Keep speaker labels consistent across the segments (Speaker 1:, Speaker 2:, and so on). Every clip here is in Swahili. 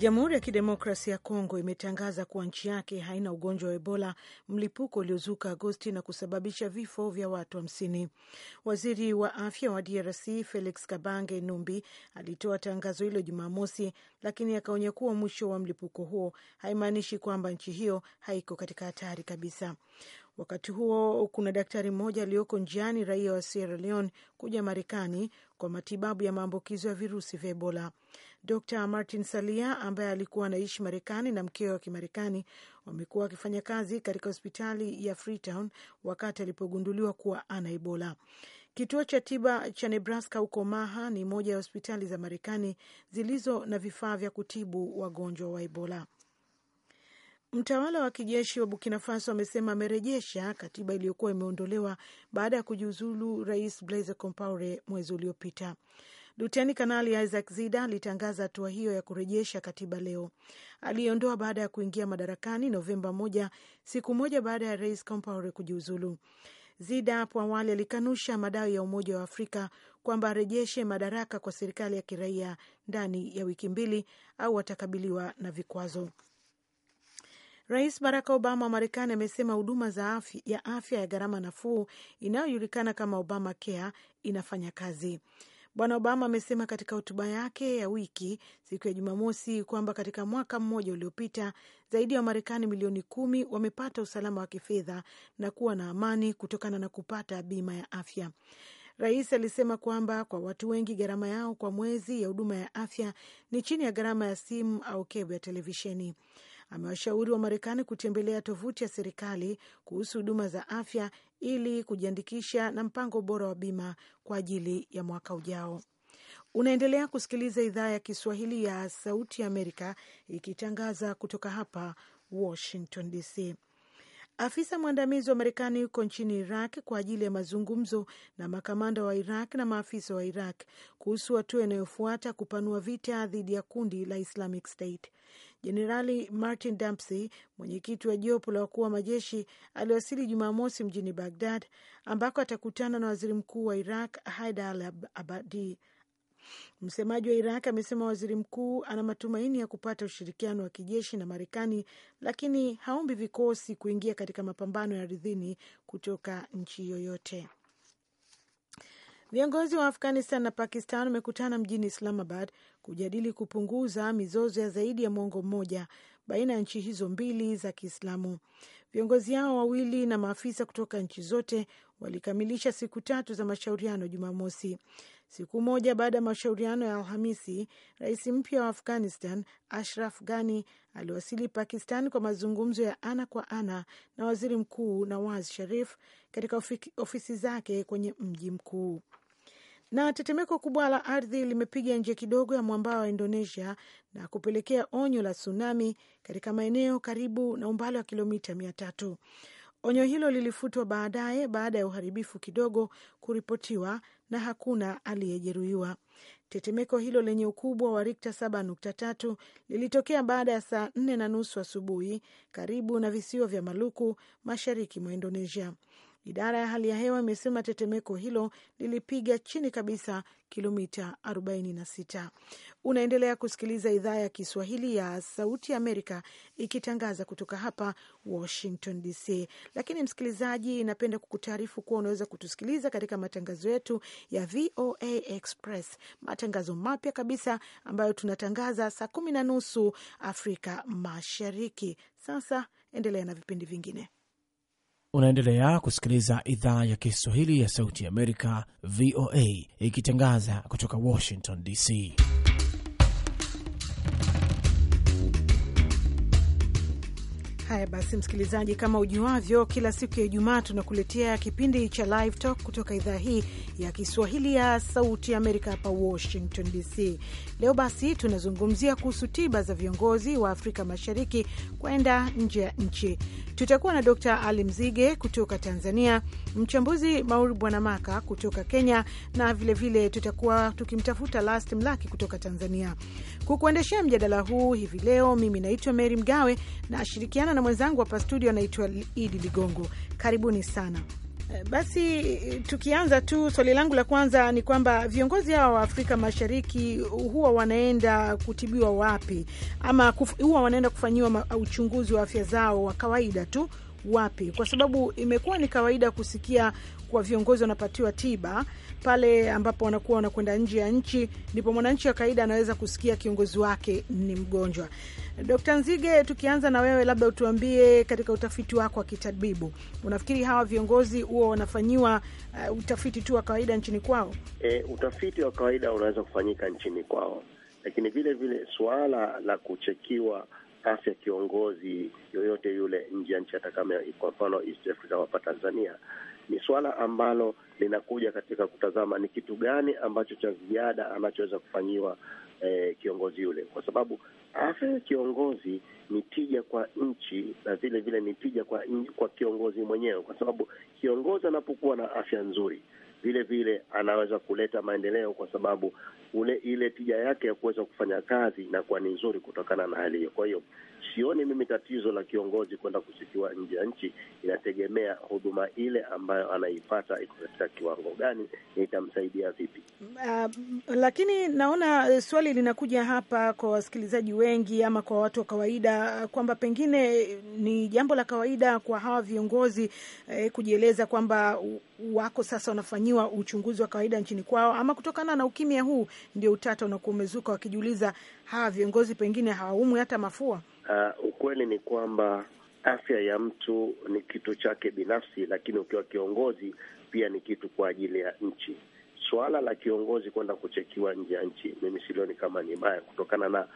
Speaker 1: Jamhuri ya kidemokrasi ya Kongo imetangaza kuwa nchi yake haina ugonjwa wa Ebola, mlipuko uliozuka Agosti na kusababisha vifo vya watu hamsini. Waziri wa afya wa DRC Felix Kabange Numbi alitoa tangazo hilo Jumamosi, lakini akaonya kuwa mwisho wa mlipuko huo haimaanishi kwamba nchi hiyo haiko katika hatari kabisa. Wakati huo kuna daktari mmoja aliyoko njiani, raia wa Sierra Leone, kuja Marekani kwa matibabu ya maambukizo ya virusi vya Ebola. Dr Martin Salia ambaye alikuwa anaishi Marekani na mkeo wa Kimarekani wamekuwa wakifanya kazi katika hospitali ya Freetown wakati alipogunduliwa kuwa ana Ebola. Kituo cha tiba cha Nebraska huko maha ni moja ya hospitali za Marekani zilizo na vifaa vya kutibu wagonjwa wa Ebola. Mtawala wa kijeshi wa Burkina Faso amesema amerejesha katiba iliyokuwa imeondolewa baada ya kujiuzulu Rais Blaise Compaore mwezi uliopita. Luteni Kanali Isaac Zida alitangaza hatua hiyo ya kurejesha katiba leo. Aliondoa baada ya kuingia madarakani Novemba moja, siku moja baada ya rais Compaore kujiuzulu. Zida hapo awali alikanusha madai ya Umoja wa Afrika kwamba arejeshe madaraka kwa serikali ya kiraia ndani ya wiki mbili au atakabiliwa na vikwazo. Rais Barack Obama wa Marekani amesema huduma za afya ya afya ya gharama nafuu inayojulikana kama Obama Care inafanya kazi. Bwana Obama amesema katika hotuba yake ya wiki siku ya Jumamosi kwamba katika mwaka mmoja uliopita zaidi ya Wamarekani milioni kumi wamepata usalama wa kifedha na kuwa na amani kutokana na kupata bima ya afya. Rais alisema kwamba kwa watu wengi gharama yao kwa mwezi ya huduma ya afya ni chini ya gharama ya simu au kebo ya televisheni. Amewashauri wa Marekani kutembelea tovuti ya serikali kuhusu huduma za afya ili kujiandikisha na mpango bora wa bima kwa ajili ya mwaka ujao. Unaendelea kusikiliza idhaa ya Kiswahili ya Sauti ya Amerika ikitangaza kutoka hapa Washington DC. Afisa mwandamizi wa Marekani yuko nchini Iraq kwa ajili ya mazungumzo na makamanda wa Iraq na maafisa wa Iraq kuhusu hatua inayofuata kupanua vita dhidi ya kundi la Islamic State. Jenerali Martin Dempsey, mwenyekiti wa jopo la wakuu wa majeshi, aliwasili Jumamosi mjini Bagdad ambako atakutana na waziri mkuu wa Iraq Haidar al Abadi. Msemaji wa Iraq amesema waziri mkuu ana matumaini ya kupata ushirikiano wa kijeshi na Marekani, lakini haombi vikosi kuingia katika mapambano ya ardhini kutoka nchi yoyote. Viongozi wa Afghanistan na Pakistan wamekutana mjini Islamabad kujadili kupunguza mizozo ya zaidi ya mwongo mmoja baina ya nchi hizo mbili za Kiislamu. Viongozi hao wawili na maafisa kutoka nchi zote walikamilisha siku tatu za mashauriano Jumamosi, siku moja baada ya mashauriano ya Alhamisi. Rais mpya wa Afghanistan Ashraf Ghani aliwasili Pakistan kwa mazungumzo ya ana kwa ana na waziri mkuu Nawaz Sharif katika ofisi zake kwenye mji mkuu. Na tetemeko kubwa la ardhi limepiga nje kidogo ya mwambao wa Indonesia na kupelekea onyo la tsunami katika maeneo karibu na umbali wa kilomita mia tatu. Onyo hilo lilifutwa baadaye baada ya uharibifu kidogo kuripotiwa na hakuna aliyejeruhiwa. Tetemeko hilo lenye ukubwa wa rikta 7.3 lilitokea baada ya saa nne na nusu asubuhi karibu na visiwa vya Maluku mashariki mwa Indonesia. Idara ya hali ya hewa imesema tetemeko hilo lilipiga chini kabisa kilomita 46. Unaendelea kusikiliza idhaa ya Kiswahili ya Sauti Amerika ikitangaza kutoka hapa Washington DC. Lakini msikilizaji, napenda kukutaarifu kuwa unaweza kutusikiliza katika matangazo yetu ya VOA Express, matangazo mapya kabisa ambayo tunatangaza saa kumi na nusu Afrika Mashariki. Sasa endelea na vipindi vingine.
Speaker 2: Unaendelea kusikiliza idhaa ya Kiswahili ya Sauti Amerika, VOA, ikitangaza kutoka Washington DC.
Speaker 1: Haya basi, msikilizaji, kama ujuavyo, kila siku ya Ijumaa tunakuletea kipindi cha Live Talk kutoka idhaa hii ya Kiswahili ya Sauti Amerika hapa Washington DC. Leo basi tunazungumzia kuhusu tiba za viongozi wa Afrika Mashariki kwenda nje ya nchi. Tutakuwa na Dr Ali Mzige kutoka Tanzania, mchambuzi Mauri Bwanamaka kutoka Kenya, na vilevile vile tutakuwa tukimtafuta Last Mlaki kutoka Tanzania. Kukuendeshea mjadala huu hivi leo, mimi naitwa mery Mgawe, nashirikiana na, na mwenzangu hapa studio anaitwa Idi Ligongo. Karibuni sana. Eh, basi eh, tukianza tu, swali langu la kwanza ni kwamba viongozi hawa wa Afrika Mashariki huwa wanaenda kutibiwa wapi, ama huwa wanaenda kufanyiwa uchunguzi wa afya zao wa kawaida tu wapi? Kwa sababu imekuwa ni kawaida kusikia kwa viongozi wanapatiwa tiba pale ambapo wanakuwa wanakwenda nje ya nchi, ndipo mwananchi wa kawaida anaweza kusikia kiongozi wake ni mgonjwa. Dkt. Nzige, tukianza na wewe, labda utuambie katika utafiti wako wa kitabibu, unafikiri hawa viongozi huwa wanafanyiwa uh, utafiti tu wa kawaida nchini kwao?
Speaker 3: E, utafiti wa kawaida unaweza kufanyika nchini kwao, lakini vile vile suala la kuchekiwa hasa kiongozi yoyote yule nje ya nchi, hata kama kwa mfano East Africa hapa Tanzania, ni swala ambalo linakuja katika kutazama ni kitu gani ambacho cha ziada anachoweza kufanyiwa eh, kiongozi yule, kwa sababu afya ya kiongozi ni tija kwa nchi na vile vile ni tija kwa, kwa kiongozi mwenyewe, kwa sababu kiongozi anapokuwa na afya nzuri vile vile anaweza kuleta maendeleo, kwa sababu ule ile tija yake ya kuweza kufanya kazi inakuwa ni nzuri kutokana na hali hiyo. Kwa hiyo Sioni mimi tatizo la kiongozi kwenda kusikiwa nje ya nchi, inategemea huduma ile ambayo anaipata iko katika kiwango gani, itamsaidia vipi.
Speaker 1: Uh, lakini naona eh, swali linakuja hapa kwa wasikilizaji wengi ama kwa watu wa kawaida eh, kwamba pengine eh, ni jambo la kawaida kwa hawa viongozi eh, kujieleza kwamba wako sasa wanafanyiwa uchunguzi wa kawaida nchini kwao, ama kutokana na ukimya huu ndio utata unakuwa umezuka, wakijiuliza hawa viongozi pengine hawaumwi hata mafua.
Speaker 3: Uh, ukweli ni kwamba afya ya mtu ni kitu chake binafsi, lakini ukiwa kiongozi pia ni kitu kwa ajili ya nchi. Suala la kiongozi kwenda kuchekiwa nje ya nchi, mimi silioni kama ni baya, kutokana na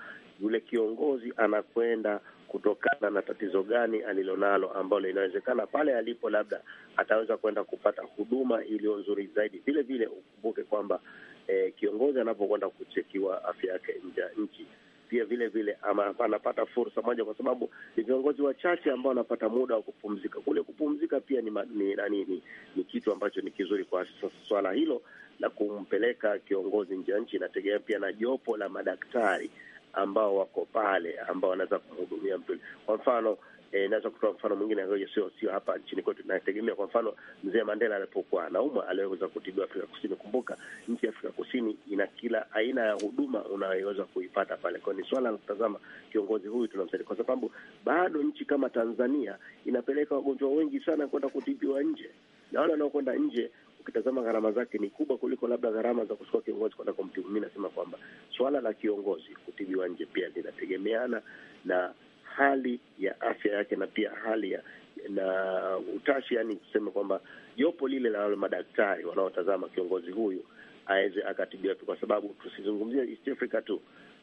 Speaker 3: yule kiongozi anakwenda kutokana na tatizo gani alilonalo, ambalo inawezekana pale alipo labda ataweza kwenda kupata huduma iliyo nzuri zaidi. Vile vile ukumbuke kwamba eh, kiongozi anapokwenda kuchekiwa afya yake nje ya nchi pia vile vile ama anapata fursa moja, kwa sababu ni viongozi wachache ambao wanapata muda wa kupumzika. Kule kupumzika pia ni, ni, ni, ni, ni kitu ambacho ni kizuri kwa swala hilo la kumpeleka kiongozi nje ya nchi. Inategemea pia na jopo la madaktari ambao wako pale ambao wanaweza kumhudumia mtu. Kwa mfano e, eh, naweza kutoa mfano mwingine ambayo sio sio hapa nchini kwetu inategemea. Kwa mfano mzee Mandela alipokuwa anaumwa aliweza kutibiwa Afrika Kusini. Kumbuka nchi ya Afrika Kusini ina kila aina ya huduma unayoweza kuipata pale. Kwa ni swala la kutazama kiongozi huyu tunamsaidia, kwa sababu bado nchi kama Tanzania inapeleka wagonjwa wengi sana kwenda kutibiwa nje, na wale wanaokwenda nje ukitazama gharama zake ni kubwa kuliko labda gharama za kuchukua kiongozi kwenda kumtibu. Mi nasema kwamba swala la kiongozi kutibiwa nje pia linategemeana na hali ya afya yake na pia hali ya na utashi, yani kusema kwamba jopo lile la wale madaktari wanaotazama kiongozi huyu aweze akatibiwa tu, kwa sababu tusizungumzie East Africa tu,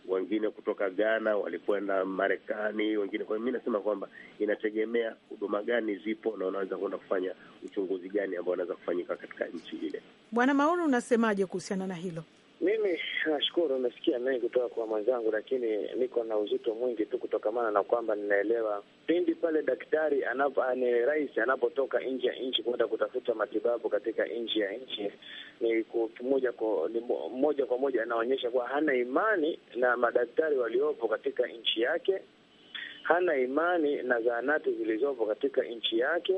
Speaker 3: wengine kutoka Ghana walikwenda Marekani, wengine. Kwa hiyo mi nasema kwamba inategemea huduma gani zipo na wanaweza kwenda kufanya uchunguzi gani ambao wanaweza kufanyika katika nchi ile.
Speaker 1: Bwana Mauru, unasemaje kuhusiana na hilo? Mimi
Speaker 4: nashukuru, umesikia mengi kutoka kwa mwenzangu, lakini niko na uzito mwingi tu kutokamana na kwamba ninaelewa pindi pale daktari anapo, ni rais anapotoka nje ya nchi kwenda kutafuta matibabu katika nchi ya nchi, ni moja kwa moja kwa moja anaonyesha kuwa hana imani na madaktari waliopo katika nchi yake, hana imani na zahanati zilizopo katika nchi yake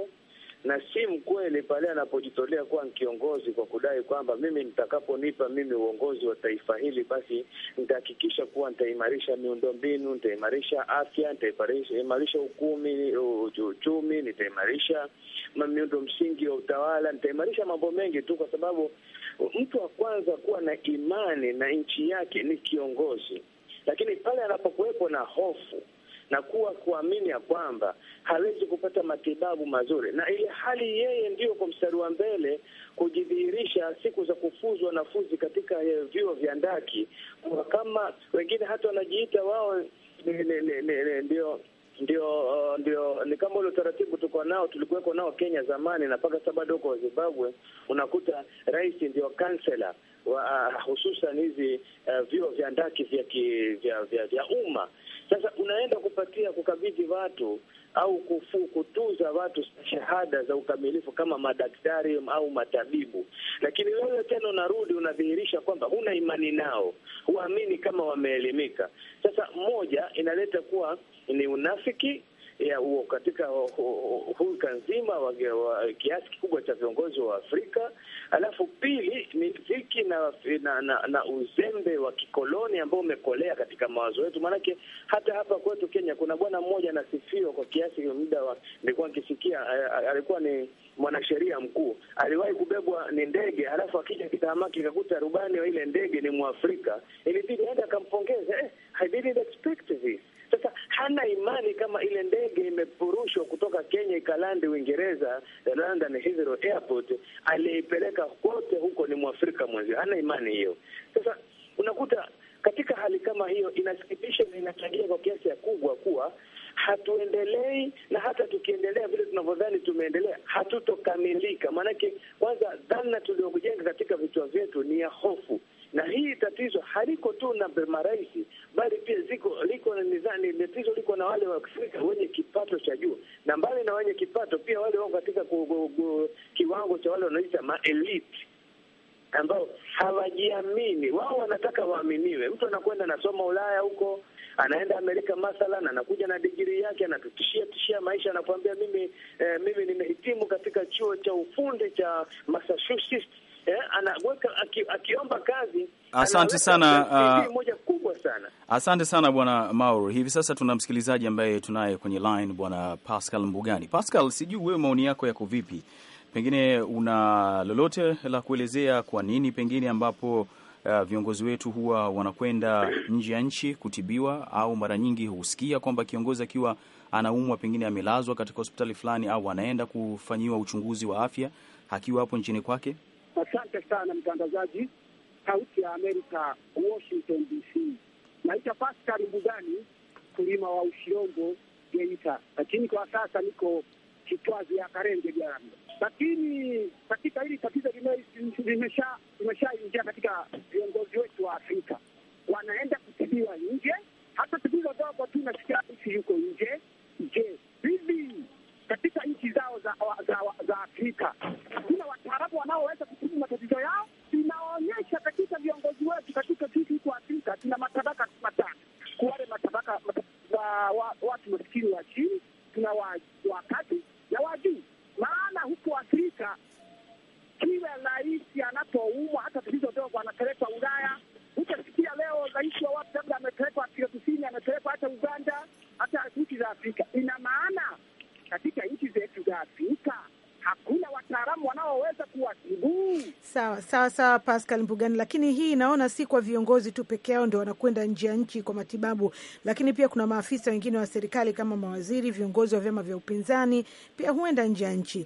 Speaker 4: na si mkweli pale anapojitolea kuwa kiongozi kwa kudai kwamba mimi nitakaponipa mimi uongozi wa taifa hili, basi nitahakikisha kuwa nitaimarisha miundombinu, nitaimarisha afya, nitaimarisha ukumi, uchumi, nitaimarisha miundo msingi wa utawala, nitaimarisha mambo mengi tu, kwa sababu mtu wa kwanza kuwa na imani na nchi yake ni kiongozi. Lakini pale anapokuwepo na hofu na kuwa kuamini ya kwamba hawezi kupata matibabu mazuri, na ile hali yeye ndiyo kwa mstari wa mbele kujidhihirisha siku za kufuzwa wanafunzi katika eh, vyuo vya ndaki, kama wengine hata wanajiita wao ndio ndio ndio, ni kama ule utaratibu tuko nao, tulikuweko nao Kenya zamani na mpaka sasa bado huko Zimbabwe, unakuta rais ndio kansela wa ah, hususan hizi uh, vyuo vya ndaki vya vya, vya, vya umma sasa unaenda kupatia kukabidhi watu au kufu, kutuza watu shahada za ukamilifu kama madaktari au matabibu, lakini wewe tena unarudi unadhihirisha kwamba huna imani nao, huamini kama wameelimika. Sasa moja inaleta kuwa ni unafiki ya uo, katika hulka nzima wa kiasi kikubwa cha viongozi wa Afrika. Alafu pili ni dhiki na, na, na, na uzembe wa kikoloni ambao umekolea katika mawazo yetu, maanake hata hapa kwetu Kenya kuna bwana mmoja anasifiwa kwa kiasi, muda wa nilikuwa nikisikia, alikuwa ni mwanasheria mkuu, aliwahi kubebwa ni ndege, alafu akija kitahamaki kakuta rubani wa ile ndege ni Mwafrika, ilibidi aende akampongeza. Eh, I didn't expect this sasa hana imani kama ile ndege imepurushwa kutoka Kenya ikalandi Uingereza, London Heathrow Airport, aliyeipeleka kote huko ni Mwafrika mwenzio, hana imani hiyo. Sasa unakuta katika hali kama hiyo inasikitisha na inachangia kwa kiasi kikubwa kuwa hatuendelei, na hata tukiendelea vile tunavyodhani tumeendelea, hatutokamilika. Maanake kwanza, dhana tuliyojenga katika vichwa vyetu ni ya hofu na hii tatizo haliko tu na marais, bali pia ziko liko na nizani, tatizo liko na wale Waafrika wenye kipato cha juu, na mbali na wenye kipato pia wale wako katika kiwango cha wale wanaita maelite ambao hawajiamini. Wao wanataka waaminiwe. Mtu anakwenda anasoma Ulaya huko, anaenda Amerika mathalan, anakuja na digrii yake, anatutishia tishia maisha, anakuambia mimi eh, mimi nimehitimu katika chuo cha ufundi cha Massachusetts eh, anaweka akiomba kazi.
Speaker 5: Asante sana, uh,
Speaker 6: moja kubwa
Speaker 5: sana. Asante sana bwana Mauro. Hivi sasa tuna msikilizaji ambaye tunaye kwenye line bwana Pascal Mbugani. Pascal, sijui wewe maoni yako yako vipi, pengine una lolote la kuelezea kwa nini pengine ambapo Uh, viongozi wetu huwa wanakwenda nje ya nchi kutibiwa, au mara nyingi husikia kwamba kiongozi akiwa anaumwa pengine amelazwa katika hospitali fulani, au anaenda kufanyiwa uchunguzi wa afya akiwa hapo nchini kwake.
Speaker 7: Asante sana mtangazaji Sauti ya Amerika, Washington DC. naita Paskari Mbugani, mkulima wa ushiongo Geita, lakini kwa sasa niko Kitwazi ya Karenge jirani. Lakini katika hili tatizo limeshaingia katika viongozi wetu wa Afrika, wanaenda kutibiwa nje, hata tatizo dogo tu nasikia yuko nje. Je, hivi katika za, za, za Afrika. Kuna wataalamu wanaoweza kutibu matatizo yao. Inaonyesha katika viongozi wetu katika sisi huku Afrika tuna matabaka matatu, wale matabaka watu masikini wa
Speaker 1: Sawa sawa, Pascal Mbugani, lakini hii inaona si kwa viongozi tu peke yao ndio wanakwenda nje ya nchi kwa matibabu, lakini pia kuna maafisa wengine wa serikali kama mawaziri, viongozi wa vyama vya upinzani pia huenda nje ya nchi.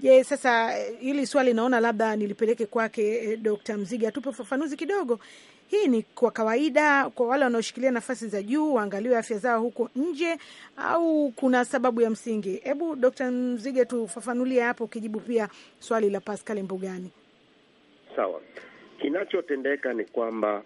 Speaker 1: Je, sasa eh, hili swali naona labda nilipeleke kwake eh, Dkt. Mziga atupe ufafanuzi kidogo. Hii ni kwa kawaida kwa wale wanaoshikilia nafasi za juu waangaliwe afya zao huko nje, au kuna sababu ya msingi? Hebu Dkt. Mzige tufafanulie hapo, ukijibu pia swali la Pascal Mbugani
Speaker 3: sawa. Kinachotendeka ni kwamba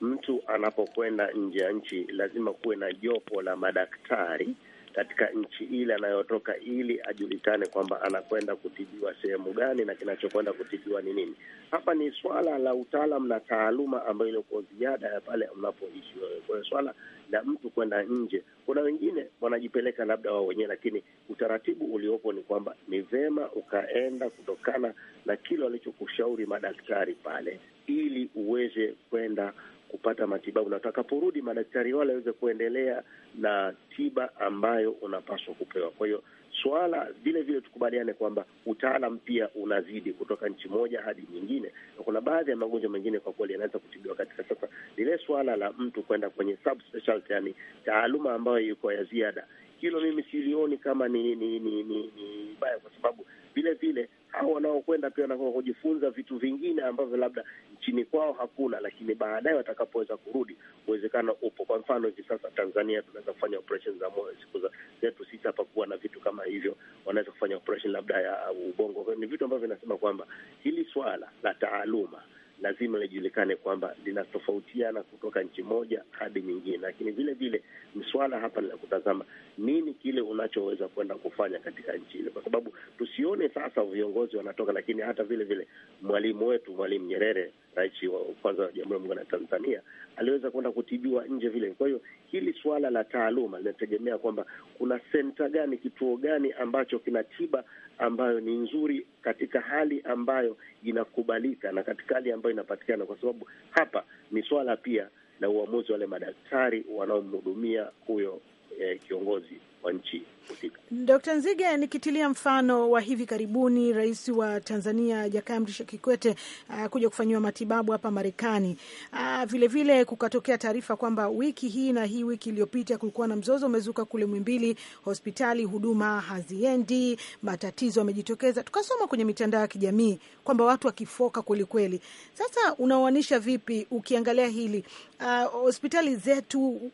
Speaker 3: mtu anapokwenda nje ya nchi lazima kuwe na jopo la madaktari katika nchi ile anayotoka ili ajulikane kwamba anakwenda kutibiwa sehemu gani na kinachokwenda kutibiwa ni nini. Hapa ni swala la utaalam na taaluma ambayo ilikuwa ziada ya pale unapoishi wewe. Kwa hiyo swala la mtu kwenda nje, kuna wengine wanajipeleka labda wao wenyewe, lakini utaratibu uliopo ni kwamba ni vema ukaenda kutokana na kile walichokushauri madaktari pale, ili uweze kwenda kupata matibabu, na utakaporudi madaktari wale waweze kuendelea na tiba ambayo unapaswa kupewa. Kwa hiyo swala vile vile tukubaliane kwamba utaalam pia unazidi kutoka nchi moja hadi nyingine, na kuna baadhi ya magonjwa mengine kwa kweli yanaweza kutibiwa katika. Sasa lile swala la mtu kwenda kwenye subspecialty, yani taaluma ambayo yuko ya ziada, hilo mimi silioni kama ni ni ni, ni, ni, ni baya kwa sababu vile vile au wanaokwenda pia wanataka kujifunza vitu vingine ambavyo labda nchini kwao hakuna, lakini baadaye watakapoweza kurudi uwezekano upo. Kwa mfano hivi sasa Tanzania tunaweza kufanya operation za moyo, siku zetu sisi hapakuwa na vitu kama hivyo. Wanaweza kufanya operation labda ya ubongo. Ni vitu ambavyo vinasema kwamba hili swala la taaluma lazima lijulikane kwamba linatofautiana kutoka nchi moja hadi nyingine, lakini vile vile mswala hapa ni la kutazama nini kile unachoweza kwenda kufanya katika nchi ile, kwa sababu tusione sasa viongozi wanatoka, lakini hata vile vile mwalimu wetu Mwalimu Nyerere rais wa kwanza wa Jamhuri ya Muungano wa Tanzania aliweza kwenda kutibiwa nje vile. Kwa hiyo hili suala la taaluma linategemea kwamba kuna senta gani, kituo gani ambacho kina tiba ambayo ni nzuri katika hali ambayo inakubalika na katika hali ambayo inapatikana, kwa sababu hapa ni suala pia la uamuzi wale madaktari wanaomhudumia huyo eh, kiongozi wa nchi husika.
Speaker 1: Dkt. Nzige, nikitilia mfano wa hivi karibuni rais wa Tanzania Jakaya Mrisho Kikwete uh, kuja kufanyiwa matibabu hapa Marekani. vilevile Uh, vilevile kukatokea taarifa kwamba wiki hii na hii wiki iliyopita kulikuwa na mzozo umezuka kule Mwimbili, hospitali huduma haziendi, matatizo yamejitokeza, tukasoma kwenye mitandao ya kijamii kwamba watu wakifoka kwelikweli. Sasa unaoanisha vipi ukiangalia hili uh, hospitali zetu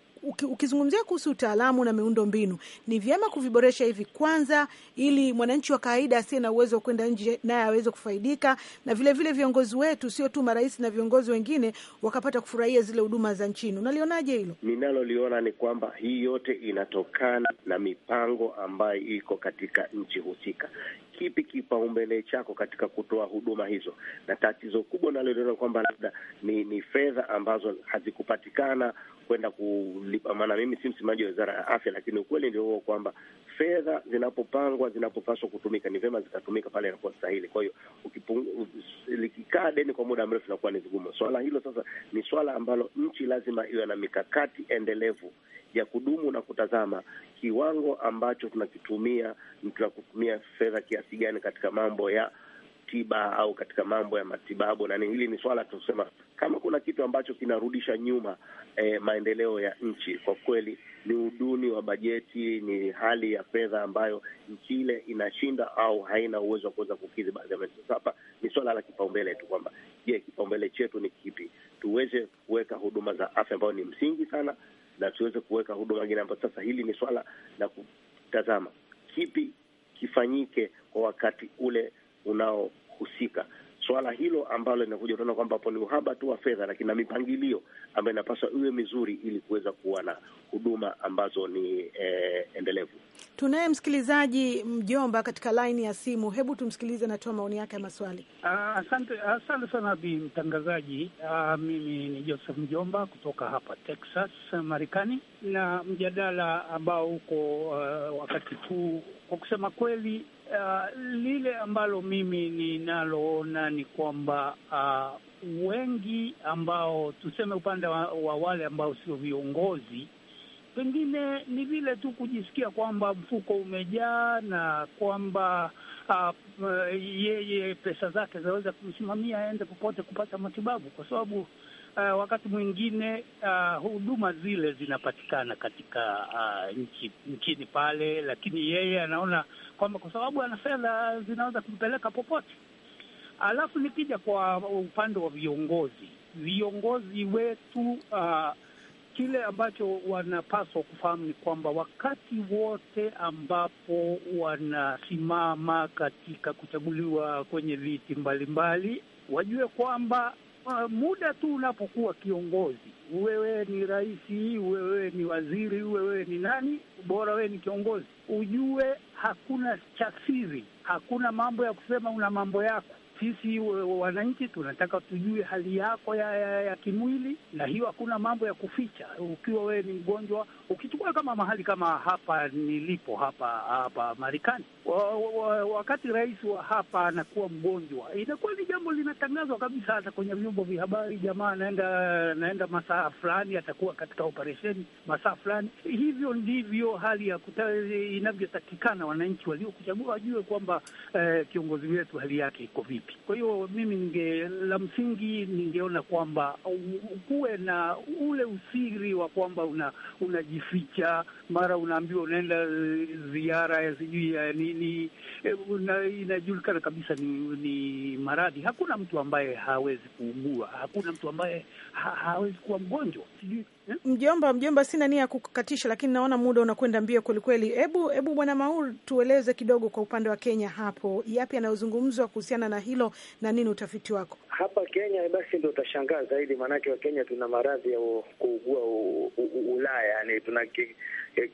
Speaker 1: ukizungumzia kuhusu utaalamu na miundo mbinu, ni vyema kuviboresha hivi kwanza, ili mwananchi wa kawaida asiye na uwezo wa kwenda nje naye aweze kufaidika, na vilevile vile viongozi wetu, sio tu marais na viongozi wengine, wakapata kufurahia zile huduma za nchini. Unalionaje hilo?
Speaker 3: Ninaloliona ni kwamba hii yote inatokana na mipango ambayo iko katika nchi husika. Kipi kipaumbele chako katika kutoa huduma hizo? Na tatizo kubwa naloliona kwamba labda ni, ni fedha ambazo hazikupatikana kwenda kulipa, maana mimi si msemaji wa wizara ya afya, lakini ukweli ndio huo kwamba fedha zinapopangwa, zinapopaswa kutumika, ni vyema zikatumika pale inakuwa stahili. Kwa hiyo likikaa deni kwa muda mrefu inakuwa ni vigumu. Swala hilo sasa ni swala ambalo nchi lazima iwe na mikakati endelevu ya kudumu na kutazama kiwango ambacho tunakitumia, tunakutumia fedha kiasi gani katika mambo ya tiba au katika mambo ya matibabu na ni Hili ni swala tunasema kama kuna kitu ambacho kinarudisha nyuma eh, maendeleo ya nchi kwa kweli ni uduni wa bajeti, ni hali ya fedha ambayo nchi ile inashinda au haina uwezo wa kuweza kukidhi baadhi ya mahitaji. Hapa ni swala la kipaumbele tu kwamba je, kipaumbele chetu ni kipi? Tuweze kuweka huduma za afya ambayo ni msingi sana, na tuweze kuweka huduma nyingine ambayo sasa, hili ni swala la kutazama kipi kifanyike kwa wakati ule unaohusika swala hilo ambalo linakuja, utaona kwamba hapo ni uhaba tu wa fedha, lakini na mipangilio ambayo inapaswa iwe mizuri ili kuweza kuwa na huduma ambazo ni eh, endelevu.
Speaker 1: Tunaye msikilizaji mjomba katika laini ya simu, hebu tumsikilize, anatoa maoni yake ya maswali.
Speaker 6: Uh, asante, asante sana bi mtangazaji. Uh, mimi ni Joseph Mjomba kutoka hapa Texas, Marekani, na mjadala ambao uko uh, wakati huu kwa kusema kweli Uh, lile ambalo mimi ninaloona ni kwamba uh, wengi ambao tuseme upande wa, wa wale ambao sio viongozi pengine ni vile tu kujisikia kwamba mfuko umejaa na kwamba uh, yeye pesa zake zaweza kumsimamia aende popote kupata matibabu, kwa sababu uh, wakati mwingine eh, huduma zile zinapatikana katika uh, nchi, nchini pale, lakini yeye anaona kwamba kwa sababu ana fedha zinaweza kumpeleka popote. Alafu nikija kwa upande wa viongozi, viongozi wetu uh, kile ambacho wanapaswa kufahamu ni kwamba wakati wote ambapo wanasimama katika kuchaguliwa kwenye viti mbalimbali, wajue kwamba uh, muda tu unapokuwa kiongozi, wewe ni rais, wewe ni waziri, wewe ni nani, bora wewe ni kiongozi, ujue hakuna cha siri, hakuna mambo ya kusema una mambo yako sisi wananchi tunataka tujue hali yako ya, ya, ya kimwili, na hiyo hakuna mambo ya kuficha. Ukiwa wewe ni mgonjwa, ukichukua kama mahali kama hapa nilipo hapa hapa Marekani, wakati rais wa hapa anakuwa mgonjwa, inakuwa ni jambo linatangazwa kabisa hata kwenye vyombo vya habari, jamaa anaenda anaenda masaa fulani, atakuwa katika operesheni masaa fulani. Hivyo ndivyo hali ya inavyotakikana wananchi waliokuchagua wajue kwamba eh, kiongozi wetu hali yake iko vipi vipi? Kwa hiyo mimi ninge, la msingi ningeona kwamba kuwe na ule usiri wa kwamba una unajificha, mara unaambiwa unaenda ziara ya sijui ya nini, e, inajulikana kabisa ni, ni maradhi. Hakuna mtu ambaye hawezi kuugua, hakuna mtu ambaye ha, hawezi kuwa
Speaker 1: mgonjwa, sijui Mjomba, mjomba, sina nia ya kukatisha, lakini naona muda unakwenda mbio kwelikweli. Hebu hebu bwana Maur, tueleze kidogo kwa upande wa Kenya hapo, yapi yanayozungumzwa kuhusiana na hilo na nini utafiti wako
Speaker 4: hapa Kenya? Basi ndio utashangaa zaidi, maanake Wakenya tuna maradhi ya kuugua Ulaya, yani tuna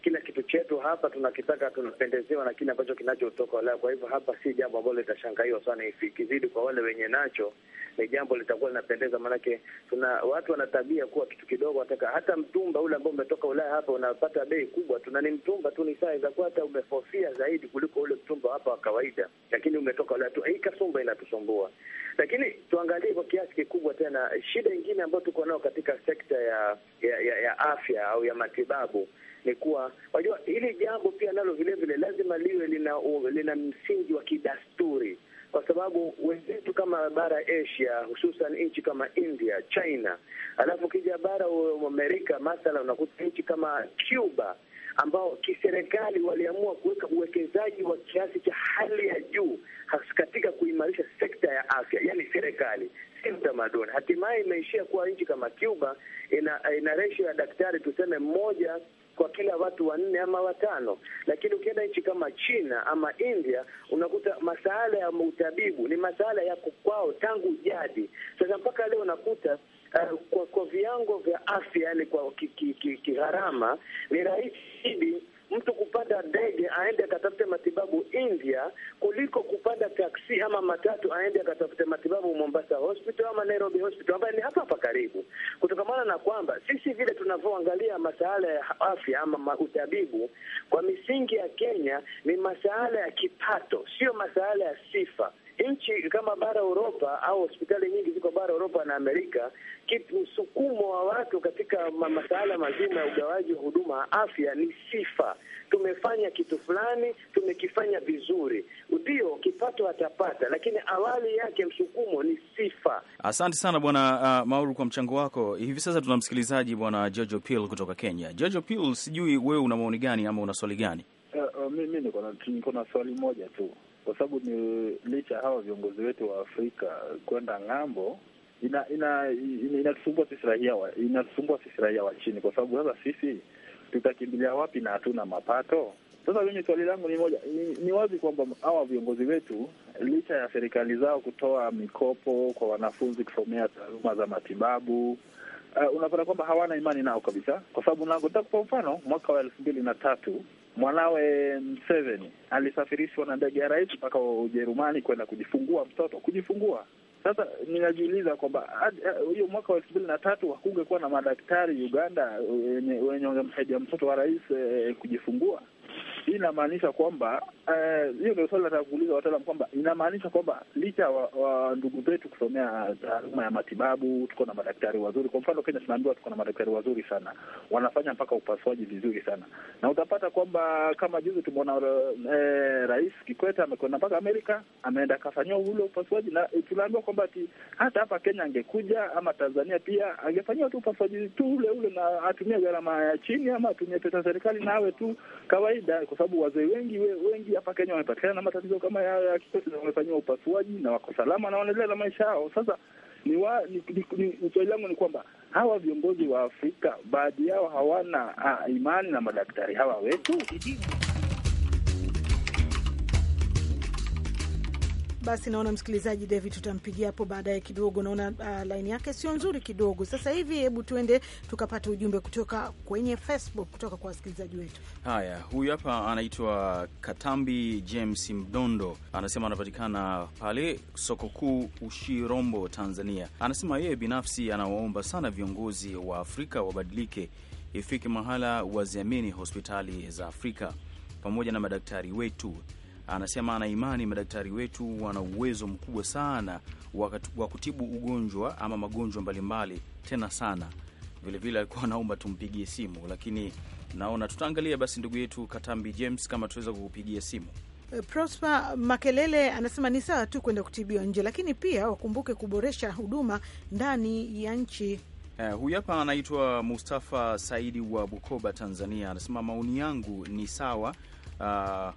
Speaker 4: kila kitu chetu hapa tunakitaka, tunapendezewa na kile ambacho kinachotoka Ulaya. Kwa hivyo hapa si jambo ambalo litashangaiwa sana, ikizidi kwa wale wenye nacho ni jambo litakuwa linapendeza, maanake tuna watu wana tabia kuwa kitu kidogo wataka. Hata mtumba ule ambao umetoka Ulaya hapa unapata bei kubwa, tuna ni mtumba tu, ni saa izakuwa hata umefofia zaidi kuliko ule mtumba hapa wa kawaida, lakini umetoka Ulaya tu. Hii kasumba inatusumbua, lakini tuangalie kwa kiasi kikubwa tena shida ingine ambayo tuko nao katika sekta ya, ya, ya, ya afya au ya matibabu ni kuwa wajua, hili jambo pia nalo vilevile lazima liwe lina, lina msingi wa kidasturi, kwa sababu wenzetu kama bara Asia, hususan nchi kama India, China, alafu kija bara Amerika, mathala unakuta nchi kama Cuba ambao kiserikali waliamua kuweka uwekezaji wa kiasi cha hali ya juu katika kuimarisha sekta ya afya, yani serikali si utamaduni. Hatimaye imeishia kuwa nchi kama Cuba ina, ina ratio ya daktari tuseme mmoja kwa kila watu wanne ama watano. Lakini ukienda nchi kama China ama India unakuta masuala ya utabibu ni masuala yako kwao tangu jadi. Sasa mpaka leo unakuta uh, kwa, kwa viango vya afya, yani kwa kigharama ki, ki, ki ni rahisi mtu kupanda ndege aende akatafute matibabu India kuliko kupanda taksi ama matatu aende akatafute matibabu Mombasa hospital ama Nairobi hospital ambayo ni hapa hapa karibu, kutokamana na kwamba sisi vile tunavyoangalia masuala ya afya ama utabibu kwa misingi ya Kenya ni masuala ya kipato, sio masuala ya sifa nchi kama bara Europa au hospitali nyingi ziko bara Europa na Amerika, kitu msukumo wa watu katika masuala mazima ya ugawaji wa huduma ya afya ni sifa. Tumefanya kitu fulani, tumekifanya vizuri, ndio kipato atapata, lakini awali yake msukumo ni sifa.
Speaker 5: Asante sana bwana uh, Mauru kwa mchango wako. Hivi sasa tuna msikilizaji bwana Jojo Pil kutoka Kenya. Jojo Pil, sijui wewe una maoni gani ama una swali gani?
Speaker 8: Uh, uh, mimi niko na swali moja tu kwa sababu ni licha ya hawa viongozi wetu wa Afrika kwenda ng'ambo inatusumbua ina, ina, ina sisi raia wa inatusumbua sisi raia wa chini, kwa sababu sasa sisi tutakimbilia wapi na hatuna mapato? Sasa mimi swali langu ni moja, ni, ni wazi kwamba hawa viongozi wetu licha ya serikali zao kutoa mikopo kwa wanafunzi kusomea taaluma za matibabu uh, unapata kwamba hawana imani nao kabisa, kwa sababu kwa mfano mwaka wa elfu mbili na tatu Mwanawe Mseveni alisafirishwa na ndege ya rais mpaka Ujerumani kwenda kujifungua mtoto, kujifungua. Sasa ninajiuliza kwamba huyo ah, ah, mwaka wa elfu mbili na tatu hakungekuwa na madaktari Uganda eh, wenye wangemsaidia mtoto wa rais e, kujifungua. Hii inamaanisha kwamba eh, hiyo, uh, ndio swali nataka kuuliza wataalam kwamba inamaanisha kwamba licha wa, wa ndugu zetu kusomea taaluma ya matibabu, tuko na madaktari wazuri. Kwa mfano Kenya tunaambiwa tuko na madaktari wazuri sana, wanafanya mpaka upasuaji vizuri sana, na utapata kwamba kama juzi tumeona e, Rais Kikwete amekwenda mpaka Amerika, ameenda akafanyiwa ule upasuaji, na tunaambiwa kwamba ati hata hapa Kenya angekuja ama Tanzania pia angefanyiwa tu upasuaji tu ule ule, na atumie gharama ya chini ama atumie pesa serikali na awe tu kawaida shida, kwa sababu wazee wengi wengi hapa Kenya wamepatikana na matatizo kama ya, ya kikosi na wamefanyiwa upasuaji na wako salama na wanaendelea na maisha yao. Sasa ni wa ni, ni, ni, ni swali langu ni kwamba hawa viongozi wa Afrika baadhi yao hawana ha, ah, imani na madaktari hawa wetu.
Speaker 1: Basi naona msikilizaji David tutampigia hapo baadaye kidogo, naona uh, laini yake sio nzuri kidogo. Sasa hivi hebu tuende tukapata ujumbe kutoka kwenye Facebook kutoka kwa wasikilizaji wetu.
Speaker 5: Haya, huyu hapa anaitwa Katambi James Mdondo, anasema anapatikana pale soko kuu Ushirombo, Tanzania. Anasema yeye binafsi anawaomba sana viongozi wa Afrika wabadilike, ifike mahala waziamini hospitali za Afrika pamoja na madaktari wetu anasema ana imani madaktari wetu wana uwezo mkubwa sana wa kutibu ugonjwa ama magonjwa mbalimbali mbali, tena sana vilevile alikuwa naomba tumpigie simu, lakini naona tutaangalia basi, ndugu yetu Katambi James, kama tunaweza kukupigia simu.
Speaker 1: Eh, Prosper Makelele anasema ni sawa tu kwenda kutibiwa nje, lakini pia wakumbuke kuboresha huduma ndani ya nchi.
Speaker 5: Uh, huyu hapa anaitwa Mustafa Saidi wa Bukoba, Tanzania, anasema maoni yangu ni sawa. Uh,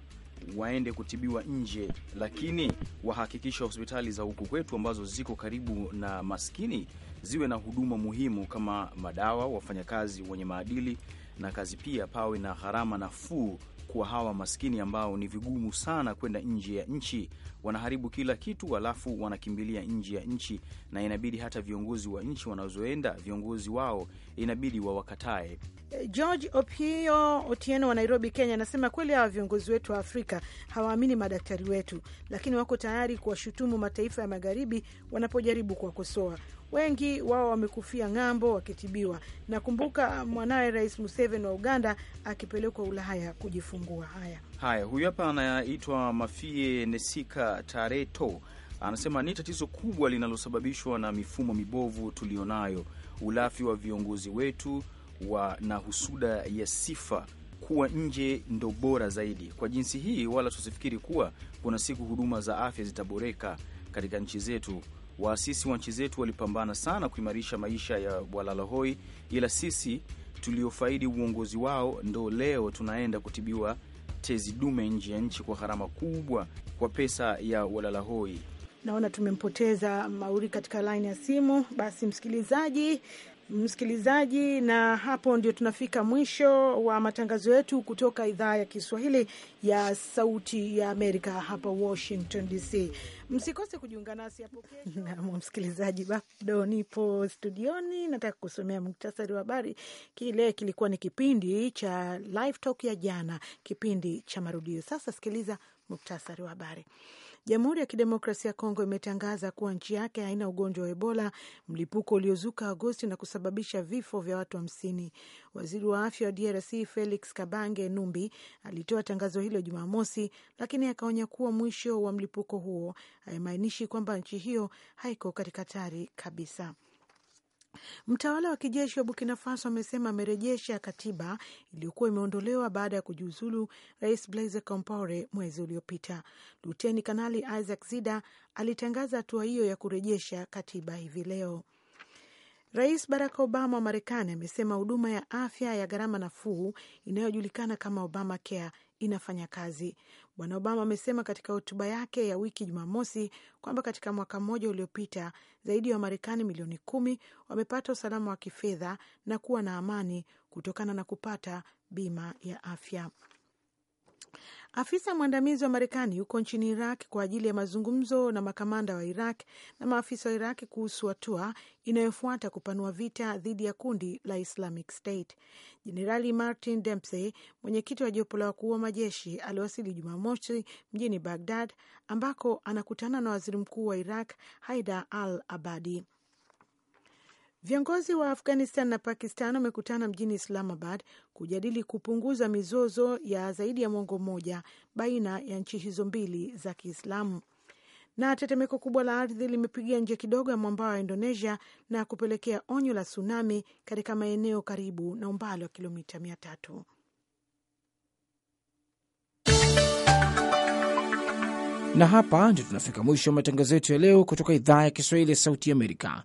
Speaker 5: waende kutibiwa nje, lakini wahakikisha hospitali za huku kwetu ambazo ziko karibu na maskini ziwe na huduma muhimu kama madawa, wafanyakazi wenye maadili na kazi, pia pawe na gharama nafuu kuwa hawa maskini ambao ni vigumu sana kwenda nje ya nchi wanaharibu kila kitu, alafu wanakimbilia nje ya nchi, na inabidi hata viongozi wa nchi wanazoenda viongozi wao inabidi wawakatae.
Speaker 1: Eh, George Opio Otieno wa Nairobi, Kenya, anasema kweli hawa viongozi wetu wa Afrika hawaamini madaktari wetu, lakini wako tayari kuwashutumu mataifa ya magharibi wanapojaribu kuwakosoa wengi wao wamekufia ng'ambo wakitibiwa. Nakumbuka mwanawe Rais Museveni wa Uganda akipelekwa Ulaya kujifungua. Haya
Speaker 5: haya, huyu hapa anaitwa Mafie Nesika Tareto anasema ni tatizo kubwa linalosababishwa na mifumo mibovu tulionayo, ulafi wa viongozi wetu wa na husuda ya sifa kuwa nje ndo bora zaidi. Kwa jinsi hii, wala tusifikiri kuwa kuna siku huduma za afya zitaboreka katika nchi zetu Waasisi wa nchi zetu walipambana sana kuimarisha maisha ya walalahoi, ila sisi tuliofaidi uongozi wao ndo leo tunaenda kutibiwa tezi dume nje ya nchi kwa gharama kubwa, kwa pesa ya walalahoi.
Speaker 1: Naona tumempoteza Mauri katika laini ya simu. Basi msikilizaji, msikilizaji, na hapo ndio tunafika mwisho wa matangazo yetu kutoka idhaa ya Kiswahili ya Sauti ya Amerika hapa Washington DC. Msikose kujiunga nasi hapo kesho. msikilizaji, bado nipo studioni, nataka kusomea muktasari wa habari. Kile kilikuwa ni kipindi cha Live Talk ya jana, kipindi cha marudio. Sasa sikiliza muktasari wa habari. Jamhuri ya Kidemokrasia ya Kongo imetangaza kuwa nchi yake haina ugonjwa wa Ebola, mlipuko uliozuka Agosti na kusababisha vifo vya watu hamsini. Waziri wa afya wa DRC Felix Kabange Numbi alitoa tangazo hilo Jumamosi, lakini akaonya kuwa mwisho wa mlipuko huo haimaanishi kwamba nchi hiyo haiko katika hatari kabisa. Mtawala wa kijeshi wa Burkina Faso amesema amerejesha katiba iliyokuwa imeondolewa baada ya kujiuzulu Rais Blaise Compaore mwezi uliopita. Luteni Kanali Isaac Zida alitangaza hatua hiyo ya kurejesha katiba hivi leo. Rais Barack Obama wa Marekani amesema huduma ya afya ya gharama nafuu inayojulikana kama Obamacare inafanya kazi. Bwana Obama amesema katika hotuba yake ya wiki Jumamosi kwamba katika mwaka mmoja uliopita zaidi ya wa Wamarekani milioni kumi wamepata usalama wa kifedha na kuwa na amani kutokana na kupata bima ya afya. Afisa mwandamizi wa Marekani yuko nchini Iraq kwa ajili ya mazungumzo na makamanda wa Iraq na maafisa wa Iraq kuhusu hatua inayofuata kupanua vita dhidi ya kundi la Islamic State. Jenerali Martin Dempsey, mwenyekiti wa jopo la wakuu wa majeshi, aliwasili Jumamosi mjini Bagdad ambako anakutana na waziri mkuu wa Iraq Haidar al Abadi. Viongozi wa Afghanistan na Pakistan wamekutana mjini Islamabad kujadili kupunguza mizozo ya zaidi ya mwongo mmoja baina ya nchi hizo mbili za Kiislamu. Na tetemeko kubwa la ardhi limepiga nje kidogo ya mwambao wa Indonesia na kupelekea onyo la tsunami katika maeneo karibu na umbali wa kilomita mia tatu.
Speaker 2: Na hapa ndio tunafika mwisho wa matangazo yetu ya leo kutoka idhaa ya Kiswahili ya Sauti Amerika.